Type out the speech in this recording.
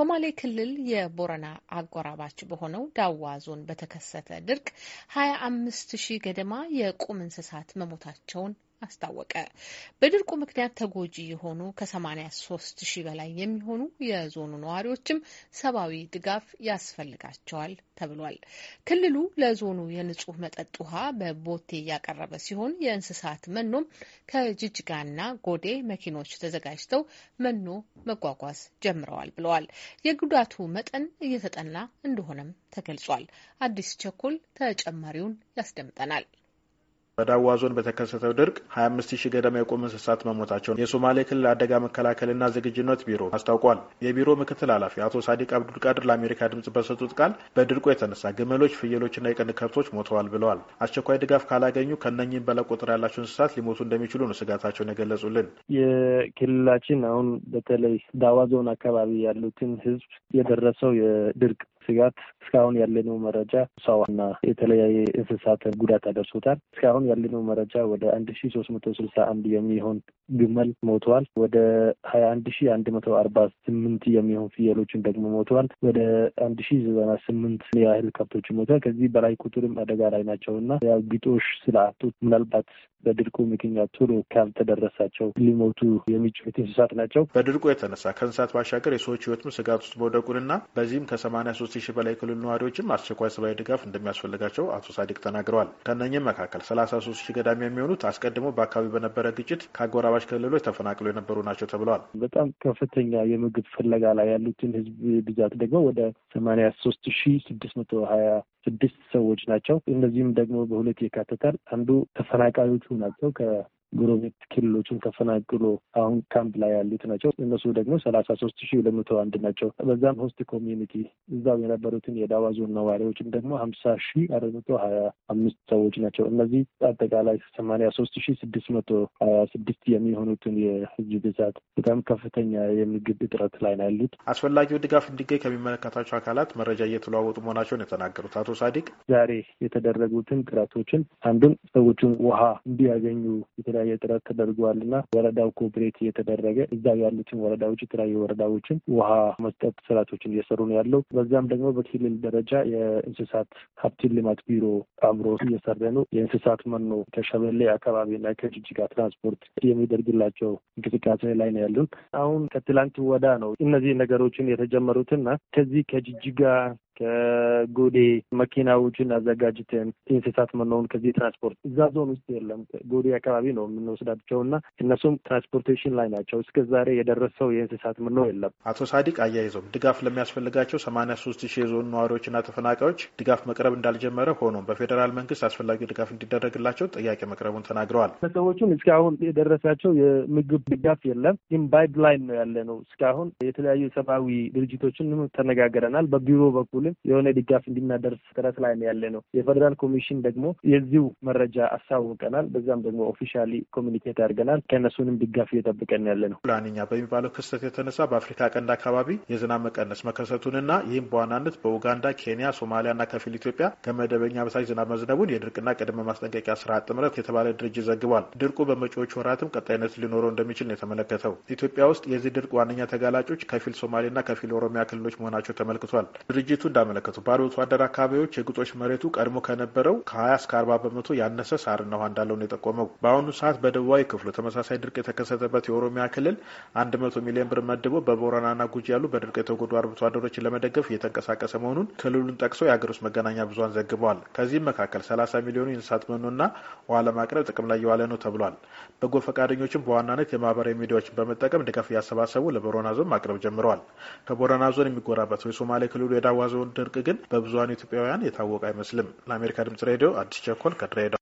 ሶማሌ ክልል የቦረና አጎራባች በሆነው ዳዋ ዞን በተከሰተ ድርቅ ሀያ አምስት ሺህ ገደማ የቁም እንስሳት መሞታቸውን አስታወቀ። በድርቁ ምክንያት ተጎጂ የሆኑ ከ83 ሺህ በላይ የሚሆኑ የዞኑ ነዋሪዎችም ሰብአዊ ድጋፍ ያስፈልጋቸዋል ተብሏል። ክልሉ ለዞኑ የንጹህ መጠጥ ውሃ በቦቴ እያቀረበ ሲሆን የእንስሳት መኖም ከጅጅጋና ጎዴ መኪኖች ተዘጋጅተው መኖ መጓጓዝ ጀምረዋል ብለዋል። የጉዳቱ መጠን እየተጠና እንደሆነም ተገልጿል። አዲስ ቸኮል ተጨማሪውን ያስደምጠናል። በዳዋ ዞን በተከሰተው ድርቅ 25 ሺህ ገደማ የቁም እንስሳት መሞታቸውን የሶማሌ ክልል አደጋ መከላከልና ዝግጅነት ቢሮ አስታውቋል። የቢሮ ምክትል ኃላፊ አቶ ሳዲቅ አብዱልቃድር ለአሜሪካ ድምጽ በሰጡት ቃል በድርቁ የተነሳ ግመሎች፣ ፍየሎችና የቀንድ ከብቶች ሞተዋል ብለዋል። አስቸኳይ ድጋፍ ካላገኙ ከእነኚህም በላይ ቁጥር ያላቸው እንስሳት ሊሞቱ እንደሚችሉ ነው ስጋታቸውን የገለጹልን። የክልላችን አሁን በተለይ ዳዋ ዞን አካባቢ ያሉትን ህዝብ የደረሰው የድርቅ ስጋት እስካሁን ያለነው መረጃ ሰውና የተለያየ እንስሳት ጉዳት አደርሶታል። እስካሁን ያለነው መረጃ ወደ አንድ ሺ ሶስት መቶ ስልሳ አንድ የሚሆን ግመል ሞተዋል። ወደ ሀያ አንድ ሺ አንድ መቶ አርባ ስምንት የሚሆን ፍየሎችን ደግሞ ሞተዋል። ወደ አንድ ሺ ዘጠና ስምንት ያህል ከብቶች ሞተዋል። ከዚህ በላይ ቁጥርም አደጋ ላይ ናቸው እና ያው ግጦሽ ስላጡ ምናልባት በድርቁ ምክንያት ቶሎ ካልተደረሳቸው ሊሞቱ የሚችሉት እንስሳት ናቸው። በድርቁ የተነሳ ከእንስሳት ባሻገር የሰዎች ህይወትም ስጋት ውስጥ መውደቁንና በዚህም ከሰማኒያ ሶስት ሺህ በላይ ክልል ነዋሪዎችም አስቸኳይ ሰብአዊ ድጋፍ እንደሚያስፈልጋቸው አቶ ሳዲቅ ተናግረዋል። ከእነኝም መካከል 33 ሺህ ገዳሚ የሚሆኑት አስቀድሞ በአካባቢ በነበረ ግጭት ከአጎራባች ክልሎች ተፈናቅለው የነበሩ ናቸው ተብለዋል። በጣም ከፍተኛ የምግብ ፍለጋ ላይ ያሉትን ህዝብ ብዛት ደግሞ ወደ 83 ሶስት ሺህ ስድስት ስድስት ሰዎች ናቸው። እነዚህም ደግሞ በሁለት ይካተታል። አንዱ ተፈናቃዮቹ ናቸው ጎረቤት ክልሎችን ተፈናቅሎ አሁን ካምፕ ላይ ያሉት ናቸው። እነሱ ደግሞ ሰላሳ ሶስት ሺ ሁለት መቶ አንድ ናቸው። በዛም ሆስት ኮሚዩኒቲ እዛው የነበሩትን የዳዋ ዞን ነዋሪዎችን ደግሞ ሀምሳ ሺ አራት መቶ ሀያ አምስት ሰዎች ናቸው። እነዚህ አጠቃላይ ሰማኒያ ሶስት ሺ ስድስት መቶ ሀያ ስድስት የሚሆኑትን የህዝብ ብዛት በጣም ከፍተኛ የምግብ እጥረት ላይ ነው ያሉት። አስፈላጊው ድጋፍ እንዲገኝ ከሚመለከታቸው አካላት መረጃ እየተለዋወጡ መሆናቸውን የተናገሩት አቶ ሳዲቅ ዛሬ የተደረጉትን ጥረቶችን አንዱን ሰዎቹን ውሃ እንዲያገኙ የተለ የተለያየ ጥረት ተደርጓል እና ወረዳው ኮኦፕሬት እየተደረገ እዛ ያሉትን ወረዳዎች የተለያዩ ወረዳዎችን ውሃ መስጠት ስርዓቶችን እየሰሩ ነው ያለው። በዚያም ደግሞ በክልል ደረጃ የእንስሳት ሀብትን ልማት ቢሮ አብሮ እየሰረ ነው። የእንስሳት መኖ ከሸበሌ አካባቢና ከጅጅጋ ትራንስፖርት የሚደርግላቸው እንቅስቃሴ ላይ ነው ያሉን። አሁን ከትላንት ወዳ ነው እነዚህ ነገሮችን የተጀመሩትና ከዚህ ከጅጅጋ ከጎዴ መኪናዎችን አዘጋጅተን እንስሳት መኖውን ከዚህ ትራንስፖርት እዛ ዞን ውስጥ የለም። ጎዴ አካባቢ ነው የምንወስዳቸው እና እነሱም ትራንስፖርቴሽን ላይ ናቸው። እስከ ዛሬ የደረሰው የእንስሳት መኖ የለም። አቶ ሳዲቅ አያይዘውም ድጋፍ ለሚያስፈልጋቸው ሰማኒያ ሶስት ሺህ የዞን ነዋሪዎችና ተፈናቃዮች ድጋፍ መቅረብ እንዳልጀመረ ሆኖም በፌዴራል መንግስት አስፈላጊ ድጋፍ እንዲደረግላቸው ጥያቄ መቅረቡን ተናግረዋል። ሰዎቹም እስካሁን የደረሳቸው የምግብ ድጋፍ የለም። ግን ፓይፕላይን ነው ያለ ነው። እስካሁን የተለያዩ ሰብአዊ ድርጅቶችን ተነጋግረናል። በቢሮ በኩል በማድረግም የሆነ ድጋፍ እንድናደርስ ጥረት ላይ ያለ ነው። የፌዴራል ኮሚሽን ደግሞ የዚሁ መረጃ አሳውቀናል። በዛም ደግሞ ኦፊሻሊ ኮሚኒኬት አድርገናል። ከእነሱንም ድጋፍ እየጠብቀን ያለ ነው። ላኒኛ በሚባለው ክስተት የተነሳ በአፍሪካ ቀንድ አካባቢ የዝናብ መቀነስ መከሰቱንና ይህም በዋናነት በኡጋንዳ፣ ኬንያ፣ ሶማሊያና ከፊል ኢትዮጵያ ከመደበኛ በታች ዝናብ መዝነቡን የድርቅና ቅድመ ማስጠንቀቂያ ስርዓት ጥምረት የተባለ ድርጅት ዘግቧል። ድርቁ በመጪዎቹ ወራትም ቀጣይነት ሊኖረው እንደሚችል ነው የተመለከተው። ኢትዮጵያ ውስጥ የዚህ ድርቅ ዋነኛ ተጋላጮች ከፊል ሶማሌና ከፊል ኦሮሚያ ክልሎች መሆናቸው ተመልክቷል። ድርጅቱ እንዳመለከቱ በአርብቶ አደር አካባቢዎች የግጦሽ መሬቱ ቀድሞ ከነበረው ከ20 እስከ 40 በመቶ ያነሰ ሳርና ውሃ እንዳለው ነው የጠቆመው። በአሁኑ ሰዓት በደቡባዊ ክፍሉ ተመሳሳይ ድርቅ የተከሰተበት የኦሮሚያ ክልል 100 ሚሊዮን ብር መድቦ በቦረናና ጉጂ ያሉ በድርቅ የተጎዱ አርብቶ አደሮችን ለመደገፍ እየተንቀሳቀሰ መሆኑን ክልሉን ጠቅሶ የሀገር ውስጥ መገናኛ ብዙን ዘግበዋል። ከዚህም መካከል 30 ሚሊዮኑ የእንስሳት መኖና ውሃ ለማቅረብ ጥቅም ላይ የዋለ ነው ተብሏል። በጎ ፈቃደኞችም በዋናነት የማህበራዊ ሚዲያዎችን በመጠቀም ድጋፍ እያሰባሰቡ ለቦረና ዞን ማቅረብ ጀምረዋል። ከቦረና ዞን የሚጎራበት የሶማሌ ክልሉ የዳዋ የዘንድሮውን ድርቅ ግን በብዙሀን ኢትዮጵያውያን የታወቀ አይመስልም። ለአሜሪካ ድምጽ ሬዲዮ አዲስ ቸኮል ከድሬዳዋ